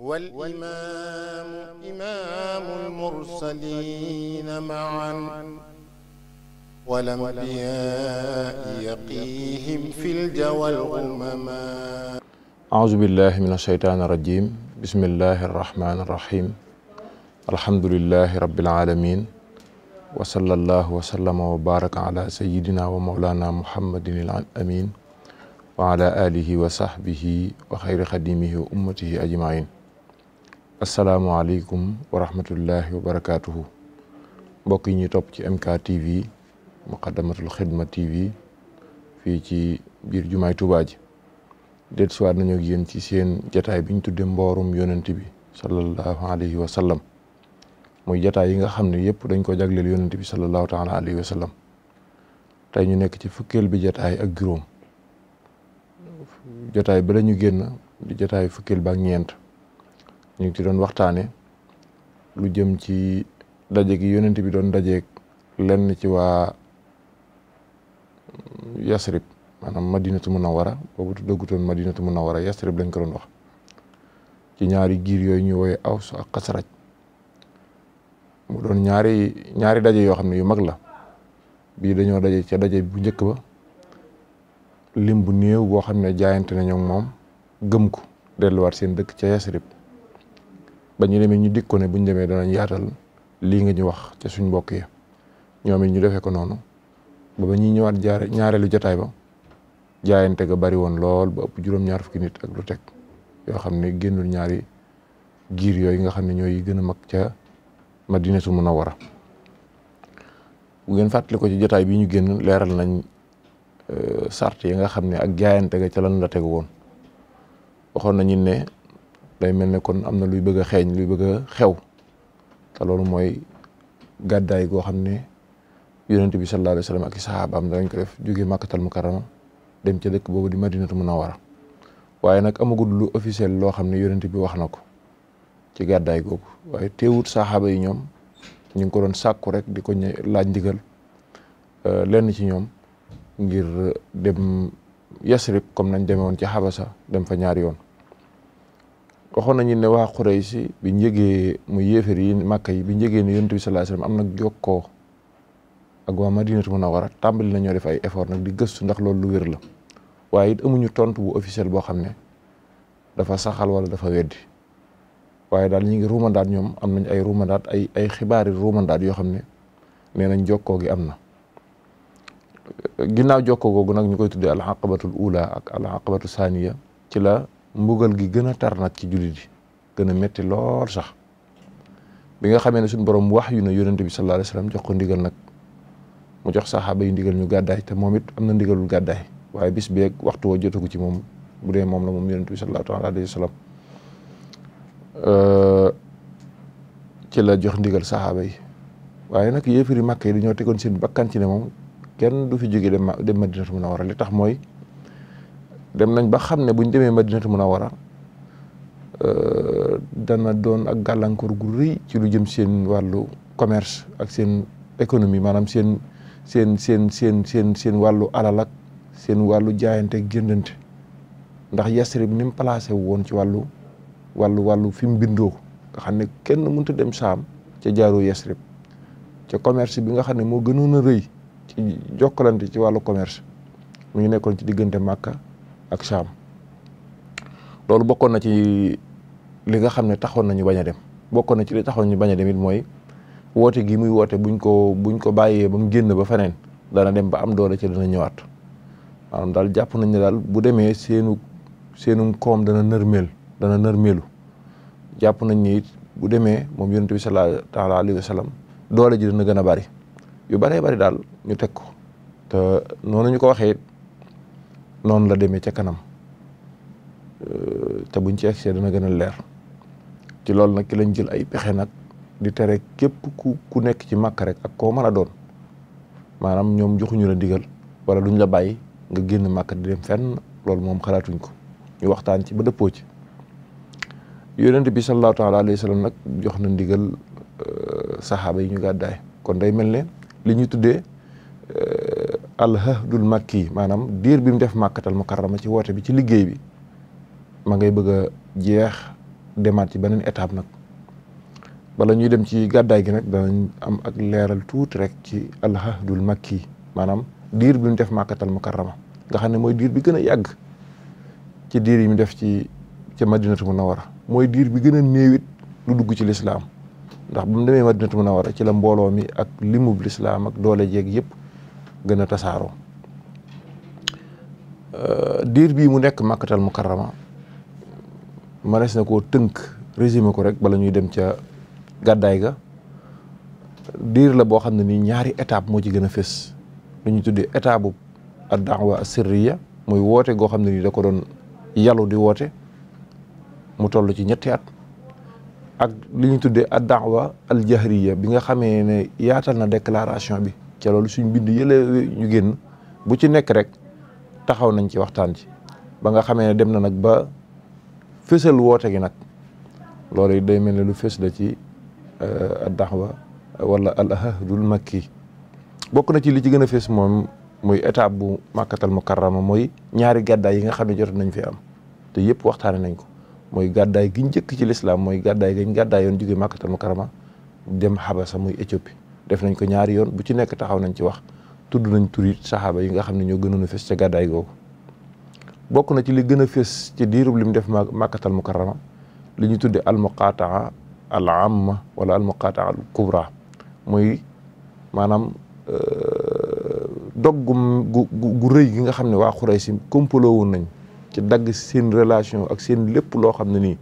والإمام إمام المرسلين معا والأنبياء يقيهم في الجوى الأمما أعوذ بالله من الشيطان الرجيم بسم الله الرحمن الرحيم الحمد لله رب العالمين وصلى الله وسلم وبارك على سيدنا ومولانا محمد الأمين وعلى آله وصحبه وخير خديمه وأمته أجمعين asalaamualeykum wa rahmatullahi wa barakaatuhu mbokk yi ñuy topp ci MK TV muqaddamatul xidma TV fii ci biir jumaay Tuubaa ji déet suwaat nañu ak yéen ci seen jataay bi ñu tuddee mboorum yonent bi sallallahu alayhi wa sallam jataay yi nga xam ne yëpp dañ ko jagleel yonent bi sallallahu taala alayhi wa sallam tey ñu nekk ci fukkeel bi jataay ak juróom jataay ba la ñu génn di jataay fukkeel ba ak ñeent ñu ngi ci doon waxtaane lu jëm ci daje gi yonent bi doon dajeek lenn ci waa Yasrib maanaam Madinatu Munawara boobu dëggutoon Madinatu Munawara Yasrib lañ ko doon wax ci ñaari giir yooyu ñu woowee Aws ak Xasraj mu doon ñaari ñaari daje yoo xam ne yu mag la bii dañoo daje ca daje bu njëkk ba lim bu néew boo xam ne jaayante nañu moom gëm ko delluwaat seen dëkk ca Yasrib ba ñu demee ñu dikk ko ne bu ñu demee danañ yaatal lii nga ñu wax ca suñ mbokk yi ñoom it ñu defee ko noonu ba ba ñuy ñëwaat jaare ñaareelu jataay ba jaayante ga bari woon lool ba ëpp juróom-ñaar fukki nit ak lu teg yoo xam ne génnul ñaari giir yooyu nga xam ne ñooy gën a mag ca Madinatul Munawwara bu ngeen fàttali ci jataay bi ñu génn leeral nañ euh, sart yi nga xam ne ak jaayante ga ca lan la teg woon waxoon nañu ne day mel ne kon am na luy bëgg a xeeñ luy bëgg xew te loolu mooy gàddaay goo xam ne yonent bi sallallahu alayhi wa sallam ak i saxaabaam danañ ko def jóge màkkatal mukarrama dem ca dëkk boobu di madinatu munawwara waaye nag amagul lu officiel loo xam ne yonent bi wax na ko ci gàddaay googu waaye teewut saxaaba yi ñoom ñu ngi ko doon sàkku rek di ko laaj ndigal euh, lenn ci ñoom ngir dem yasrib comme nañ demewoon ci xabasa dem fa ñaari yoon waxoon nañu ne waa Quraysi bi njëgee mu yéefar yi màkk yi bi njëgee ne yonent bi sallallahu alayhi wasallam am na jokkoo ak waa Madinatu tàmbali na ñoo ay effort nag di gëstu ndax loolu lu wér la waaye it amuñu tontu bu officiel boo xam ne dafa saxal wala dafa weddi waaye daal ñi ngi ruumandaat ñoom am nañ ay ruumandaat ay ay xibaari ruumandaat yoo xam ne nee nañ jokkoo gi am na ginnaaw jokkoo googu nag ñu koy tuddee alxaqabatul ula ak saaniya la mbugal gi gën a tar nag ci jullit yi gën a metti lool sax bi nga xamee ne suñ borom wax yu ne yonent bi sallallahu alayhi wasallam jox ko ndigal nag mu jox saxaaba yi ndigal ñu gàddaay te moom it am na ndigalul gàddaay waaye bis bi waxtu wa jotagu ci moom bu dee moom la moom yonent bi sallallahu alayhi wasallam euh, ci la jox ndigal saxaaba yi waaye nag yéefari Makka yi dañoo tegoon seen bakkan ci ne moom kenn du fi jóge dem Madinatu Munawwara li tax mooy dem nañ ba xam ne bu ñu demee ma a Munawwara euh, dana doon ak gàllankoor gu rëy ci lu jëm seen wàllu commerce ak seen économie maanaam seen seen seen seen seen seen wàllu alal ak seen wàllu jaayante ak jëndante ndax Yasrib ni mu placé woon ci wàllu wàllu wàllu fi mu bindoo nga xam ne kenn mënut a dem saam ca jaaroo Yasrib ca commerce bi nga xam ne moo gënoon a rëy ci jokkalante ci wàllu commerce mu ngi nekkoon ci diggante Màkka ak Cham loolu bokkoon na ci li nga xam ne taxoon nañu bañ a dem bokkoon na ci li taxoon ñu bañ a dem it mooy woote gi muy woote buñ ko buñ ko bàyyee ba mu génn ba feneen dana dem ba am doole ci dana ñëwaat maanaam daal jàpp nañ ne daal bu demee seenu seenu koom dana nërmeel dana nërmeelu jàpp nañ ne it bu demee moom yonent bi sallallahu taala alayhi wa sallam doole ji dana gën a bari yu baree bari daal ñu teg ko te noonu ñu ko waxee. noonu la demee ca kanam te buñ ci egsee na gën a leer ci loolu nag ki lañ jël ay pexe nag di tere képp ku ku nekk ci màkk rek ak koo mën a doon maanaam ñoom joxuñu la ndigal wala duñ la bàyyi nga génn màkk di dem fenn loolu moom xalaatuñ ko ñu waxtaan ci ba dëppoo ci yonent bi sallallahu taala alayhi wa nag jox na ndigal euh, saxaaba yi ñu gàddaay kon day mel ne li ñu tuddee alhahdul makki maanaam diir bi mu def màkkatal mukarrama ci woote bi ci liggéey bi ma ngay bëgg jeex demaat ci beneen étape nag bala ñuy dem ci gàddaay gi nag danañ am ak leeral tuuti rek ci alhahdul makki maanaam diir bi mu def màkkatal mukarrama nga xam ne mooy diir bi gën a yàgg ci diir yi mu def ci ca madinatu munawara mooy diir bi gën a néewit lu dugg ci lislaam ndax bu mu demee a munawara ci la mbooloo mi ak limub lislaam ak doole jeeg yëpp gën a tasaaroo euh, diir bii mu nekk màkkatal mukarrama mënees na ko tënk résumé ko rek bala ñuy dem ca gàddaay ga diir la boo xam ne nii ñaari étape moo ci gën a fës lu ñu tuddee étape bu ad-da'wa as-sirriya muy woote goo xam ne nii da ko doon yalu di woote mu toll ci ñetti at ak li ñu tuddee ad-da'wa al-jahriya bi nga xamee ne yaatal na déclaration bi ca loolu suñ bind yële ñu génn bu ci nekk rek taxaw nañ ci waxtaan ci ba nga xamee ne dem na nag ba fësal woote gi nag loolu day mel ne lu fës da ci euh, addaxwa wala al ahdul makki bokk na ci li ci gën a fës moom muy étape bu màkkatal mukarrama mooy ñaari gàddaay yi nga xam ne jot nañ fi am te yëpp waxtaane nañ ko mooy gàddaay gi njëkk ci lislaam mooy gàddaay gañ gàddaay yoon jóge màkkatal mukarrama dem xabasa muy Éthiopie def nañ ko ñaari yoon bu ci nekk taxaw nañ ci wax tudd nañ turi saxaaba yi nga xam ne ñoo gënoon a fës ca na ci li gën a fës ci diirub lim def màkkatal mukarrama li ñu tudde almuqataa al amma wala almuqataa al kubra mooy maanaam euh, doggum gu gu rëy gi nga xam ne waa Xuraysi kompaloo woon nañ ci dagg seen relation ak seen lépp loo xam ne nii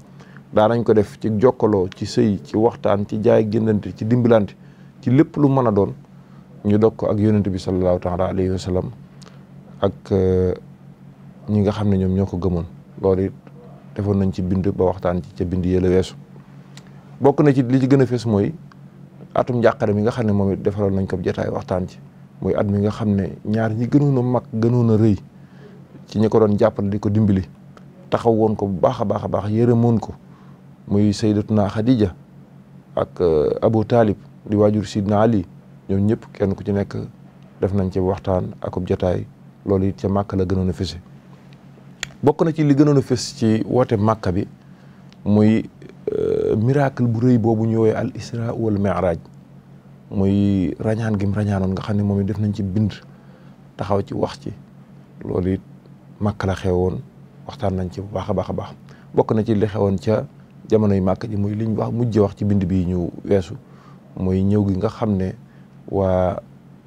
nañ ko def ci jokkaloo ci sëy ci waxtaan ci jaay génnante ci dimbalante ci lépp lu mën a doon ñu dog ko ak yonent bi sallallahu taala alayhi wa sallam ak euh, ñi nga xam ne ñoom ñoo ko gëmoon loolu it defoon nañ ci bind ba waxtaan ci ca bind yële weesu bokk na ci li ci gën a fees mooy atum njàqare mi nga xam ne moom it defaroon nañ ko jotaay waxtaan ci mooy at mi nga xam ne ñaar ñi gënoon a mag gënoon a rëy ci ñi ko doon jàppale di ko dimbali taxaw woon ko bu baax a baax a baax yërëmoon ko muy sayyidatuna Xadija ak euh, Abu Talib di waajur Sidna Ali ñoom ñëpp kenn ku ci nekk def nañ ci waxtaan akub ab jotaay loolu it ca màkk la gënoon a fese bokk na ci li gënoon a fes ci woote màkka bi muy euh, miracle bu rëy boobu ñu woowee al isra wal mi'raj muy rañaan gim rañaanoon nga xam ne moom it def nañ ci bind taxaw ci wax ci loolu it màkk la xewoon waxtaan nañ ci bu baax a baax a baax bokk na ci li xewoon ca jamonoy màkk ji muy liñ wax mujj wax ci bind bi ñu weesu mooy ñëw gi nga xam ne waa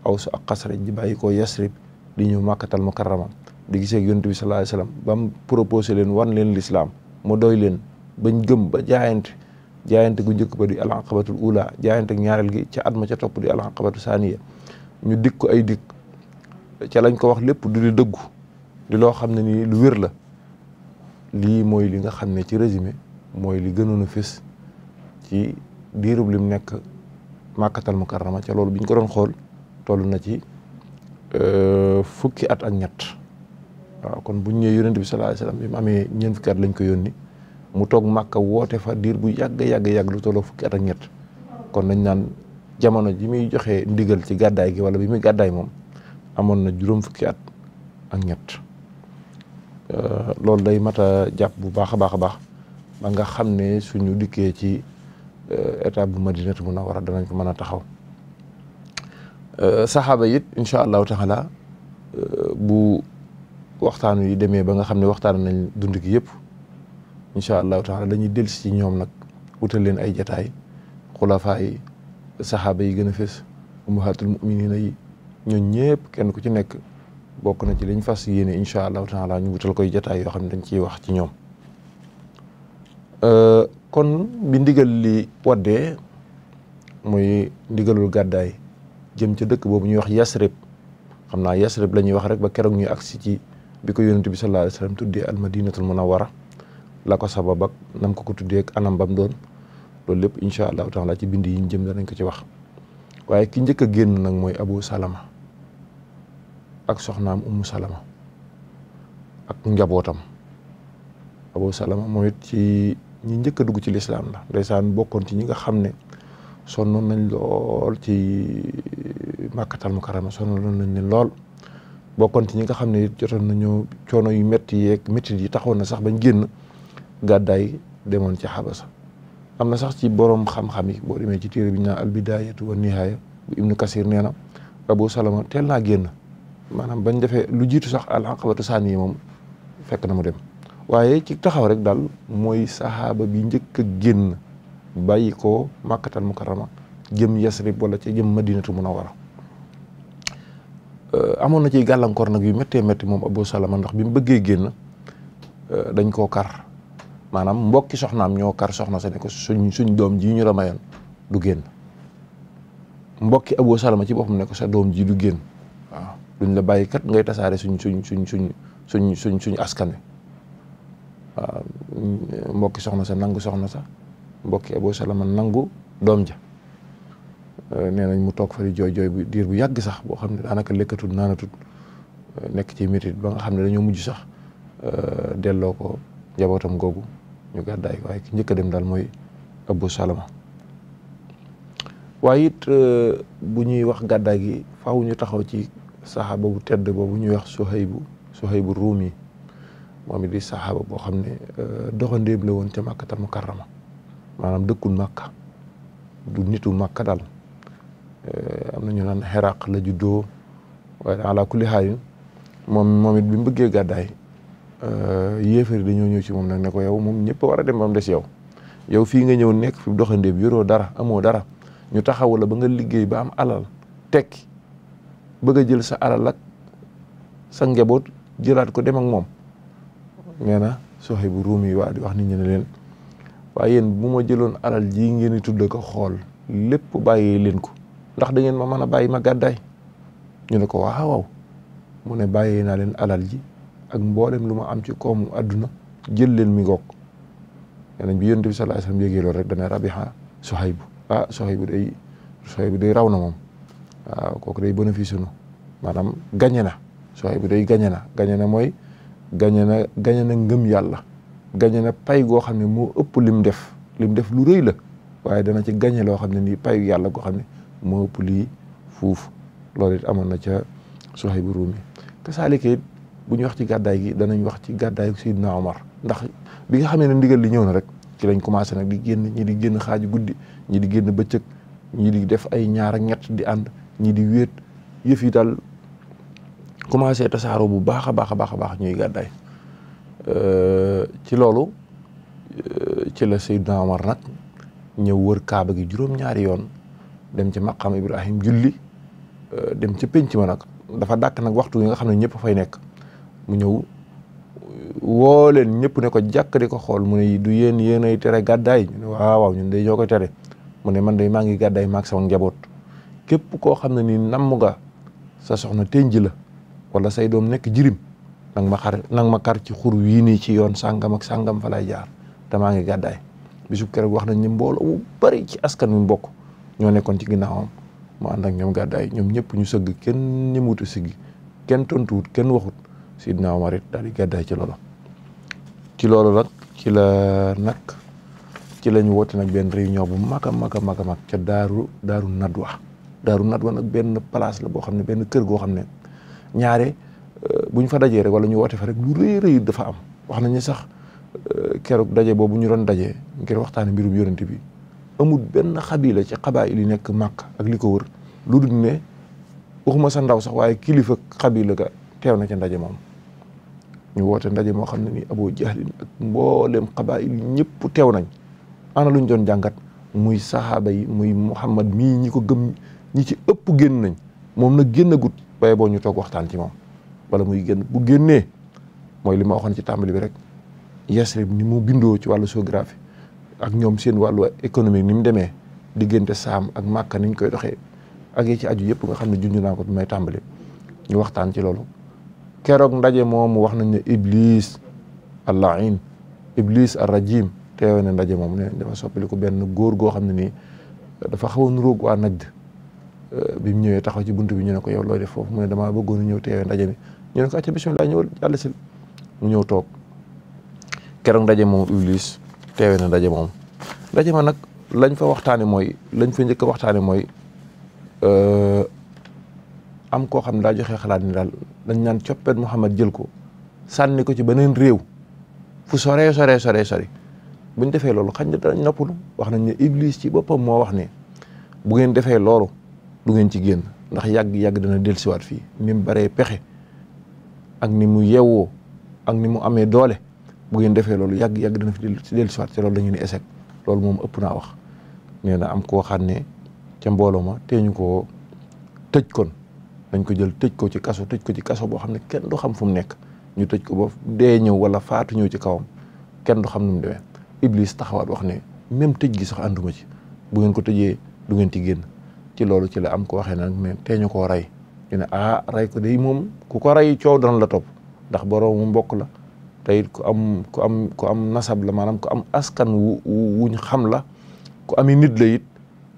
aw ak xasraj di bàyyi ko yasrib di ñu màkkatal mukarrama di gisee ak yonent bi sallallahu alayhi wasallam ba mu proposé leen wan leen lislaam mu doy leen bañ gëm ba jaayante jaayante gu njëkk ba di alaqabatul ula jaayante ak ñaareel gi ca at ma ca topp di alaqabatu saaniya ñu dikk ko ay dikk ca lañ ko wax lépp du di dëggu di loo xam ne nii lu wér la lii mooy li nga xam ne ci résumé mooy li gënoon a fës ci diirub lim nekk màkkatal mukarrama ca loolu bi ñu ko doon xool toll na ci euh, fukki at ak ñett waaw kon bu ñu ñëwee yonent bi sallallahu alayhi wasallam bi mu amee ñeent fukki at lañ ko yónni mu toog màkka woote fa diir bu yàgg yàgg yàgg lu tolloo fukki at ak ñett kon dañ naan jamono ji muy joxe ndigal ci gàddaay gi wala bi muy gàddaay moom amoon na juróom fukki at ak ñett euh, loolu day mat a jàpp bu baax a baax a baax ba nga xam ne suñu dikkee ci Euh, état bu madinatu munawara danañ ko mën a taxaw euh, saxaaba it incha allahu taala euh, bu waxtaan wi demee ba nga xam ne waxtaan nañ dund gi yëpp incha allahu taala dañuy dellusi ci ñoom nag wutal leen ay jataay xulafaa yi saxaaba yi gën a fës ummahatul muminina yi ñoo ñëpp kenn ku ci nekk bokk na ci liñ fas yéene incha allahu taala ñu wutal koy jataay yoo xam ne dañ ciy wax ci ñoom kon bi ndigal li waddee mooy ndigalul gàddaay jëm ca dëkk boobu ñuy wax yasrib xam naa yasrib la ñuy wax rek ba keroog ñuy agsi ci bi ko yonent bi sallallahu alayhi wa sallam tuddee almadinatul munawwara la ko sabab ak nam ko ko tuddee ak anam bam doon loolu lépp incha allahu taala ci bind yi ñu jëm danañ ko ci wax waaye ki njëkk a génn nag mooy abu salama ak soxnaam ummu salama ak njabootam abu salama mooy ci ñi njëkk a dugg ci lislaam la saan bokkoon ci ñi nga xam ne son noon nañ lool ci màkkatal mukarama sonnoon nañ leen lool bokkoon ci ñi nga xam ne it jotoon nañu coono yu métti yeeg métti yi taxoon na sax bañ génn gàddaay demoon ci xabasa am na sax ci borom xam-xam yi boo demee ci téere bi ñu naan albidayatu wa nihaaya bu ibnu kasir nee na abu salama teel naa génn maanaam bañ defee lu jiitu sax al aqabatu saani yi moom fekk na mu dem waaye ci taxaw rek daal mooy saxaaba bi njëkk a génn bàyyi ko màkkatal mukarrama jëm yasrib wala ca jëm madinatu munawara euh, amoon na ci gàllankoor nag yu méttee métti moom Abu Salama ndax bi mu bëggee génn euh, dañ koo kar maanaam mbokki soxnaam ñoo kar soxna sa ne ko suñ suñ doom ji ñu la mayoon du génn mbokki Abu Salama ci boppam ne ko sa doom ji du génn waaw duñ la bàyyi kat ngay tasaare suñ suñ suñ suñ suñ suñ suñ askan wi waaw mbokki soxna sa nangu soxna sa mbokki Abu Salama nangu doom ja nee nañ mu toog fa di jooy jooy bu diir bu yàgg sax boo xam ne daanaka lekkatut naanatut nekk ci métit ba nga xam ne dañoo mujj sax delloo ko njabootam googu ñu gàddaay waaye ki njëkk dem daal mooy Abu Salama waaye it bu ñuy wax gàddaay gi faw ñu taxaw ci saxaaba bu tedd boobu ñuy wax bu bu Suhaybu Ruumi moom it di saxaaba boo xam ne euh, doxandéem la woon ca màkkatal mukarrama maanaam dëkkul màkka du nitu màkka daal euh, am na ñu naan xeraq la juddoo waaye ala kulli xaal moom moom it bi mu bëggee gàddaay euh, yéefari dañoo ñëw ñëw ci moom nag ne ko yow moom ñëpp war a dem ba mu des yow yow fii nga ñëw nekk fi doxandéem yuroo dara amoo dara ñu taxawu la ba nga liggéey ba am alal tekki bëgg a jël sa alal ak sa njaboot jëlaat ko dem ak moom nee na soxe bu ruum yi waa di wax nit ñi ne leen waaye yéen bu ma jëloon alal jii ngeen di tudd ko xool lépp bàyyee leen ko ndax dangeen ngeen ma mën a bàyyi ma gàddaay ñu ne ko waaw mu ne bàyyee naa leen alal ji ak mboolem lu ma am ci koomu àdduna jël leen mi ngoog nee nañ bi yonent bi sallallahu alayhi wasallam yégee loolu rek dana rabiha soxaybu ah soxaybu day soxaybu day raw na moom waaw ah, kooku day bénéfice nu maanaam gañe na soxaybu day gañe na gañe na mooy gañe na gañe na ngëm yàlla gañe na pay goo xam ne moo ëpp lim def lim def lu rëy la waaye dana ci gañe loo xam ne nii pay yàlla goo xam ne moo ëpp lii fuuf loolu it amoon na ca Suhaybu Ruumi kasaalika it bu ñu wax ci gàddaay gi danañ wax ci gàddaay Seydina Omar ndax bi nga xamee ne ndigal li ñëw na rek ci lañ commencé nag di génn ñi di génn xaaju guddi ñi di génn bëccëg ñi di def ay ñaar ak ñett di ànd ñi di wéet yëf yi commencé tasaaroo bu baax a baax a baax a baax ñuy gàddaay euh, ci loolu euh, ci la Seydina Omar nag ñëw wër kaaba gi juróom-ñaari yoon dem ci maqam Ibrahim julli euh, dem ci penc ma nag dafa dàkk nag waxtu yi nga xam ne ñëpp fay nekk mu ñëw woo leen ñëpp ne ko jàkk di ko xool mu ne du yéen yéen ay tere gàddaay waaw waaw ñun day ñoo koy tere mu ne man day maa ngi gàddaay maag sama njaboot képp koo xam ne nii namm nga sa soxna tenji la wala say doom nekk jirim nang ma kar ci xur wii nii ci yoon sàngam ak sàngam fa lay jaar te ngi gàddaay bisub keroog wax nañ ne mbooloo bu bari ci askan wi bokk ñoo nekkoon ci ginnaawam mu ànd ak ñoom gàddaay ñoom ñëpp ñu sëgg kenn ñëmuwut a siggi kenn tontuwut kenn waxut Sidna Omar it daal di gàddaay ci loolu ci loolu nag ci la nag ci lañ woote nag benn réunion bu mag a maga a mag a mag ca daaru daaru daaru nadwa nag benn place la boo xam ne benn kër goo xam ne ñaare euh, bu ñu fa dajee rek wala ñu woote fa rek lu rëy rëy dafa am wax nañu sax euh, keroog daje boobu ñu doon daje ngir waxtaane mbirum yonent bi amul benn xabila ci xabaay li nekk màkk ak li ko wër lu dul ne waxuma sa ndaw sax waaye kilifa xabila ga teew na ca ndaje moom ñu woote ndaje moo xam ne ni aboo jahlin ak mbooleem xabaayil ñëpp teew nañ ana lu luñ doon jàngat muy saxaaba yi muy muhammad mii ñi ko gëm ñi ci ëpp génn nañ moom nag génnagut waaye boo ñu toog waxtaan ci moom wala muy génn bu génnee mooy li ma waxoon ci tàmbali bi rek Yasrib ni mu bindoo ci wàllu géographie ak ñoom seen wàllu économique ni mu demee diggante saam ak màkka niñ koy doxee ak ci aju yëpp nga xam ne junj naa ko bi may tàmbali ñu waxtaan ci loolu keroog ndaje moomu wax nañ ne iblis allahin iblis arrajim teewe na ndaje moom ne dafa soppali ko benn góor goo xam ne nii dafa xaw a nuróog waa najd Euh, bi mu ñëwee taxaw ci bunt bi ñu ne ko yow looy def foofu damaa bëggoon ñëw teewee ndaje mi ñu ne ko acca bismillah ñëwal jàll ñëw toog keroog ndaje moom Iblis teewee na ndaje moom ndaje ma nag lañ fa waxtaane mooy lañ fa njëkk a waxtaane mooy euh, am koo xam ne daa joxe xalaat ni daal dañ naan coppeet Mouhamad jël ko sànni ko ci beneen réew fu soree soree sore sori buñ defee loolu xañ na danañ noppalu wax nañ ne Iblis ci boppam moo wax ni bu ngeen defee loolu du ngeen ci génn ndax yàgg-yàgg dana dellusiwaat fii ni mu baree pexe ak ni mu yewwoo ak ni mu amee doole bu ngeen defee loolu yàgg-yàgg dana fi dellusiwaat te loolu la ñu ne échec loolu moom ëpp naa wax nee na am koo xam ne ca mbooloo ma tee ñu koo tëj kon dañ ko jël tëj ko ci kaso tëj ko ci kaso boo xam ne kenn du xam fu mu nekk ñu tëj ko ba dee ñëw wala faatu ñëw ci kawam kenn du xam nu mu demee Iblis taxawaat wax ne même tëj gi sax ànduma ci bu ngeen ko tëjee du ngeen ci génn ci loolu ci la am ko waxee nag mais tee ñu koo rey ñu ne ah rey ko day moom ku ko rey coow dana la topp ndax boroomu mbokk la te it ku am ku am ku am nasab la maanaam ku am askan wu wuñ xam la ku ami nit la it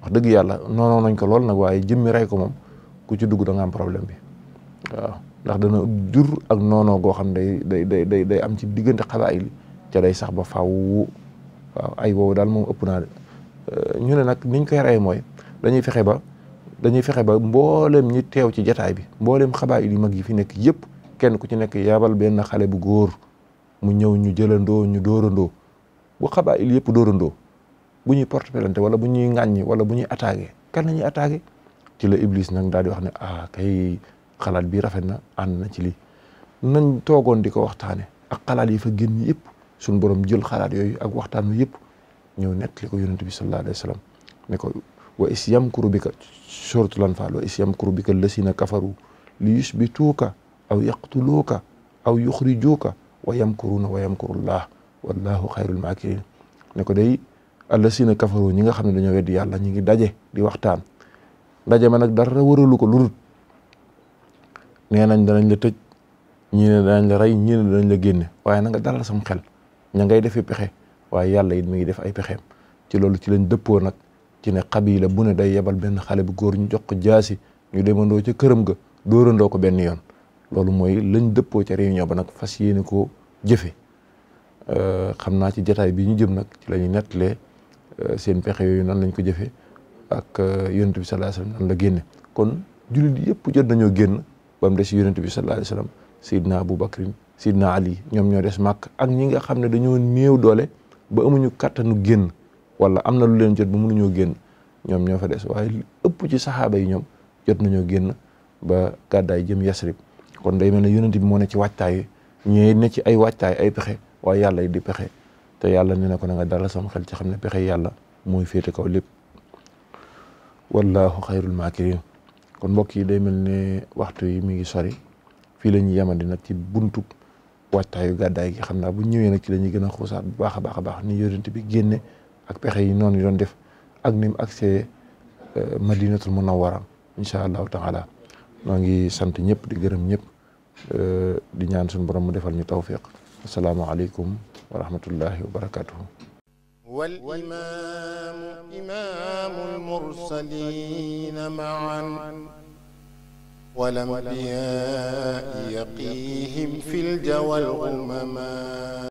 wax dëgg yàlla noonoo nañ ko lool nag waaye jëmmi rey ko moom ku ci dugg da am problème bi ndax dana jur ak noonoo goo xam day day day day day am ci diggante xabaayil ca day sax ba faw waaw ay woowu daal moom ëpp naa euh, ñu ne nag niñ koy rey mooy dañuy fexe ba dañuy fexe ba mboolem ñi teew ci jataay bi mboolem xabaar yi mag yi fi nekk yëpp kenn ku ci nekk yabal benn xale bu góor mu ñëw ñu jëlandoo ñu dóorandoo bu xabaar il yëpp dóorandoo bu ñuy porte plainte wala bu ñuy ŋàññi wala bu ñuy attaqué kan la ñuy ci la Iblis nag daal di wax ne ah kay xalaat bi rafet na ànd na ci lii nañ toogoon di ko waxtaane ak xalaat yi fa génn yëpp suñu borom jël xalaat yooyu ak waxtaan wi yëpp ñëw nettali ko yonent bi sallallahu alayhi wa ko wa is yamkuru bika suratul anfal wa is yamkuru bika lasina kafaru li yusbituuka aw yaqtuluuka aw yuxrijuuka wa yamkuruuna wa yamkurullah wallahu xayrul maakirin ne ko day allasina kafaru ñi nga xam ne dañoo weddi yàlla ñi ngi daje di waxtaan daje ma nag dara waralu ko lu dul nee nañ danañ la tëj ñii ne la rey ñii ne la génne waaye na nga dalal sam xel ña ngay defi pexe waaye yàlla it mi ngi def ay pexeem ci loolu ci lañ dëppoo nag ci ne xabila bu ne day yebal benn xale bu góor ñu jox ko jaasi ñu demandoo ca këram ga dóorandoo ko benn yoon loolu mooy lañ dëppoo ca réunion ba nag fas yéene koo jëfe euh, xam naa ci jataay bi ñu jëm nag ci la ñuy nettalee euh, seen pexe yooyu nan lañ ko jëfe ak euh, yonent bi sallallahu alayhi la génne kon jullit yëpp jot nañoo génn ba mu des yonent bi sallallahu alayhi wasallam Seydina Aboubacrin Seydina Ali ñoom ñoo des màkk ak ñi nga xam ne dañoo néew doole ba amuñu kàttanu génn wala am na lu leen jot ba mënuñoo génn ñoom ñoo fa des waaye li ëpp ci saxaaba yi ñoom jot nañoo génn ba gàddaay jëm yasrib kon day mel ne yonent bi moo ne ci waajtaay ñee ne ci ay waajtaay ay pexe waaye yàlla yi di pexe te yàlla ne na ko na nga dalal sama xel ci xam ne pexe yàlla mooy féete kaw lépp wallahu xayrul maakirin kon mbokk yi day mel ne waxtu yi mi ngi sori fii la ñuy yemandi nag ci buntu waajtaayu gàddaay gi xam naa bu ñëwee nag ci la ñuy gën a xuusaat bu baax baax a baax ni yonent bi génne ak pexe yi noonu doon def ak ni mu agsee euh, madinatul munawwara incha allahu taala noo ngi sant ñëpp di gërëm ñëpp euh, di ñaan suñu borom mu defal ñu tawfiq asalaamualeykum wa rahmatullahi wa barakatuhu wal imaamu imaamul mursaliina ma'an wal anbiyaa'i yaqiihim fil jawwal umama